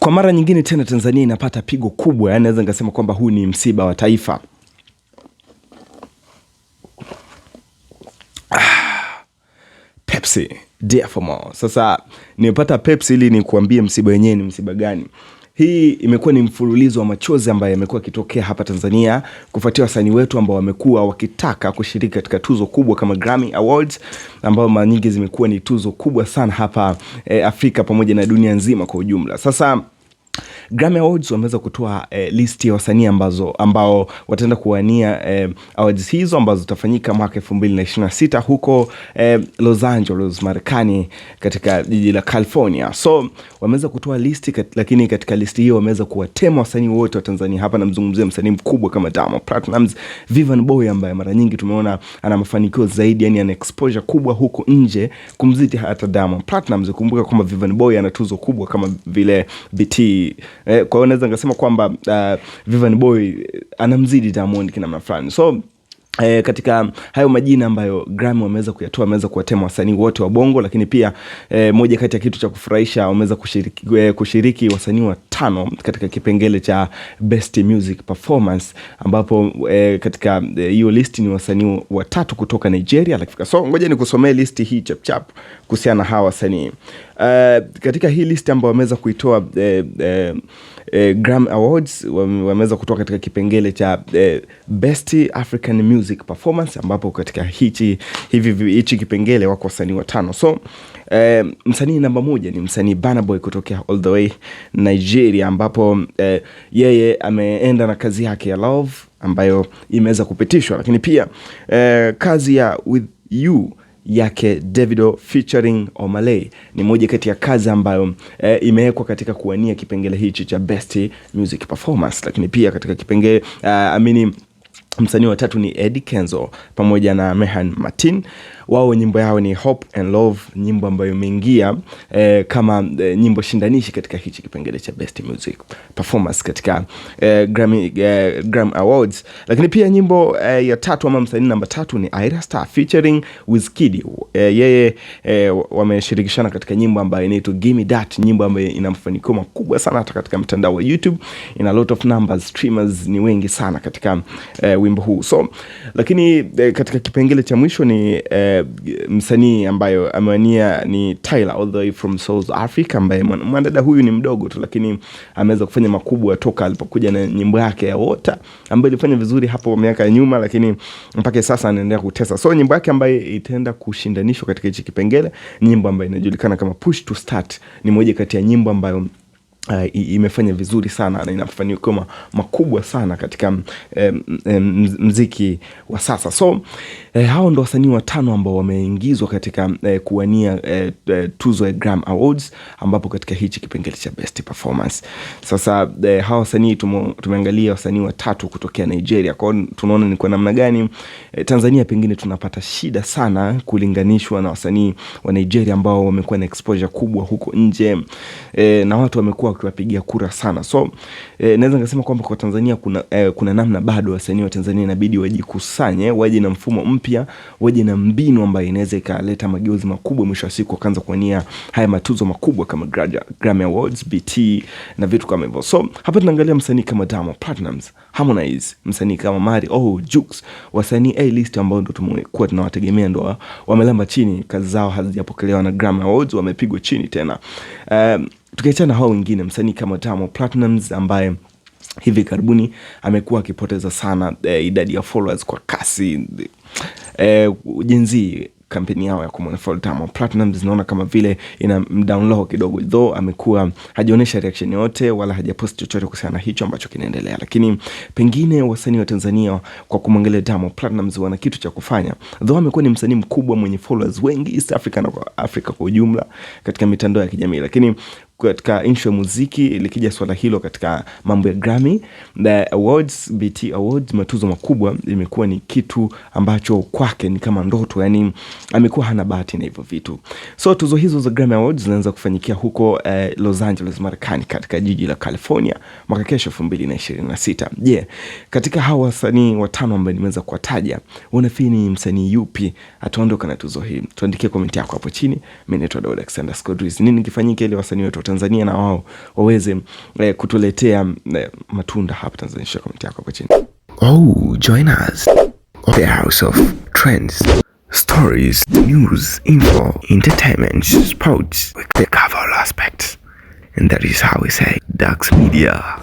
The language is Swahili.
Kwa mara nyingine tena Tanzania inapata pigo kubwa, yani naweza nikasema kwamba huu ni msiba wa taifa. Ah, Pepsi dear for more. Sasa nimepata Pepsi ili nikuambie msiba wenyewe ni msiba gani. Hii imekuwa ni mfululizo wa machozi ambayo yamekuwa yakitokea hapa Tanzania kufuatia wasanii wetu ambao wamekuwa wakitaka kushiriki katika tuzo kubwa kama Grammy Awards ambayo mara nyingi zimekuwa ni tuzo kubwa sana hapa eh, Afrika pamoja na dunia nzima kwa ujumla. Sasa Grammy Awards wameweza kutoa eh, listi ya wasanii ambazo ambao wataenda kuwania eh, awards hizo ambazo zitafanyika mwaka sita huko eh, Los Angeles, Marekani katika jiji la California. So wameweza kutoa listi kat, lakini katika listi hiyo wameweza kuwatema wasanii wote wa Tanzania. Hapa namzungumzia msanii mkubwa kama Diamond Platnumz, Vivian Boy ambaye mara nyingi tumeona ana mafanikio zaidi, yani ana exposure kubwa huko nje kumzidi hata Diamond Platnumz. Kumbuka kwamba Vivian Boy ana tuzo kubwa kama vile BT Eh, kwa hiyo naweza nikasema kwamba uh, Vivian Boy eh, anamzidi Diamond kinamna fulani so E, katika hayo majina ambayo Grammy wameweza kuyatoa, wameweza kuwatema wasanii wote wa Bongo, lakini pia e, moja kati ya kitu cha kufurahisha wameweza kushiriki, kushiriki wasanii wa tano katika kipengele cha best music performance, ambapo e, katika eh, hiyo e, listi ni wasanii watatu kutoka Nigeria lakifika. So ngoja nikusomee listi hii chapchap kuhusiana na hawa wasanii uh, katika hii listi ambayo wameweza kuitoa eh, eh, eh, Grammy Awards wameweza kutoka katika kipengele cha eh, Best African Music Performance, ambapo katika hichi hivi hichi kipengele wako wasanii watano. So eh, msanii namba moja ni msanii Burna Boy kutokea all the way Nigeria, ambapo eh, yeye ameenda na kazi yake ya Love ambayo imeweza kupitishwa, lakini pia eh, kazi ya With You yake Davido featuring Omalay ni moja kati ya kazi ambayo e, imewekwa katika kuwania kipengele hichi cha best music performance, lakini pia katika kipengele uh, amini msanii wa tatu ni Eddie Kenzo pamoja na Mehan Martin wao nyimbo yao ni Hope and Love, nyimbo ambayo imeingia eh, kama eh, nyimbo shindanishi katika hichi kipengele cha best music performance katika eh, Grammy, eh, Grammy Awards. Lakini pia nyimbo eh, ya tatu ama msanii namba tatu ni Ira Star featuring Wizkid eh, yeye eh, wameshirikishana katika nyimbo ambayo inaitwa Gimme That, nyimbo ambayo ina mafanikio makubwa sana hata katika mtandao wa YouTube, ina lot of numbers, streamers ni wengi sana katika eh, wimbo huu so, lakini eh, katika kipengele cha mwisho ni eh, msanii ambayo amewania ni Tyla all the way from South Africa, ambaye mwanadada huyu ni mdogo tu, lakini ameweza kufanya makubwa toka alipokuja na nyimbo yake ya Water ambayo ilifanya vizuri hapo miaka ya nyuma, lakini mpaka sasa anaendelea kutesa. So nyimbo yake ambayo itaenda kushindanishwa katika hichi kipengele, nyimbo ambayo inajulikana kama Push to Start, ni moja kati ya nyimbo ambayo Uh, imefanya vizuri sana na ina mafanikio makubwa sana katika um, um, um mziki wa sasa. So uh, hao ndo wasanii watano ambao wameingizwa katika uh, kuwania uh, uh, tuzo ya Grammy Awards ambapo katika hichi kipengele cha best performance. Sasa uh, hao wasanii tumeangalia wasanii watatu kutokea Nigeria. Kwa hiyo tunaona ni kwa namna gani uh, Tanzania pengine tunapata shida sana kulinganishwa na wasanii wa Nigeria ambao wamekuwa na exposure kubwa huko nje uh, na watu wamekuwa wamekuwa wakiwapigia kura sana. So eh, naweza nikasema kwamba kwa Tanzania kuna, eh, kuna namna bado wasanii wa Tanzania inabidi wajikusanye, waje na mfumo mpya, waje na mbinu ambayo inaweza ikaleta mageuzi makubwa mwisho wa siku wakaanza kuwania haya matuzo makubwa kama Grammy Awards, BT na vitu kama hivyo. So hapa tunaangalia msanii kama Diamond Platnumz, Harmonize, msanii kama Mari, oh, Jux, wasanii A list ambao ndo tumekuwa tunawategemea ndo wamelamba chini, kazi zao hazijapokelewa na Grammy Awards, wamepigwa chini tena um, Tukiachana na hao wengine, msanii kama Tamo Platnumz ambaye hivi karibuni amekuwa akipoteza sana e, idadi ya followers kwa kasi e, eh, jinsi kampeni yao ya kumfollow Tamo Platnumz naona kama vile ina mdownload kidogo, though amekuwa hajaonesha reaction yote wala hajapost chochote kuhusiana na hicho ambacho kinaendelea, lakini pengine wasanii wa Tanzania kwa kumwangalia Tamo Platnumz wana kitu cha kufanya, though amekuwa ni msanii mkubwa mwenye followers wengi East Africa na Afrika kwa ujumla katika mitandao ya kijamii, lakini katika nchi ya muziki likija swala hilo katika mambo ya Grammy The Awards, BT Awards, matuzo makubwa imekuwa ni kitu ambacho kwake ni kama ndoto yani amekuwa hana bahati na hivyo vitu. So tuzo hizo za Grammy Awards zinaanza kufanyikia huko eh, Los Angeles, Marekani, katika jiji la California mwaka kesho 2026. Je, Katika hawa wasanii watano ambao nimeweza kuwataja, unafikiri ni msanii yupi ataondoka na tuzo hii? Tuandikie komenti yako hapo chini. Mimi naitwa Daud Alexander Scodris. Nini kifanyike ili wasanii wetu wa Tanzania na wao waweze eh, kutuletea eh, matunda hapa Tanzania? Shika Komenti yako hapo chini. Oh, join us. The House of Trends stories, news, info, entertainment, sports. We cover all aspects. And that is how we say Dax Media.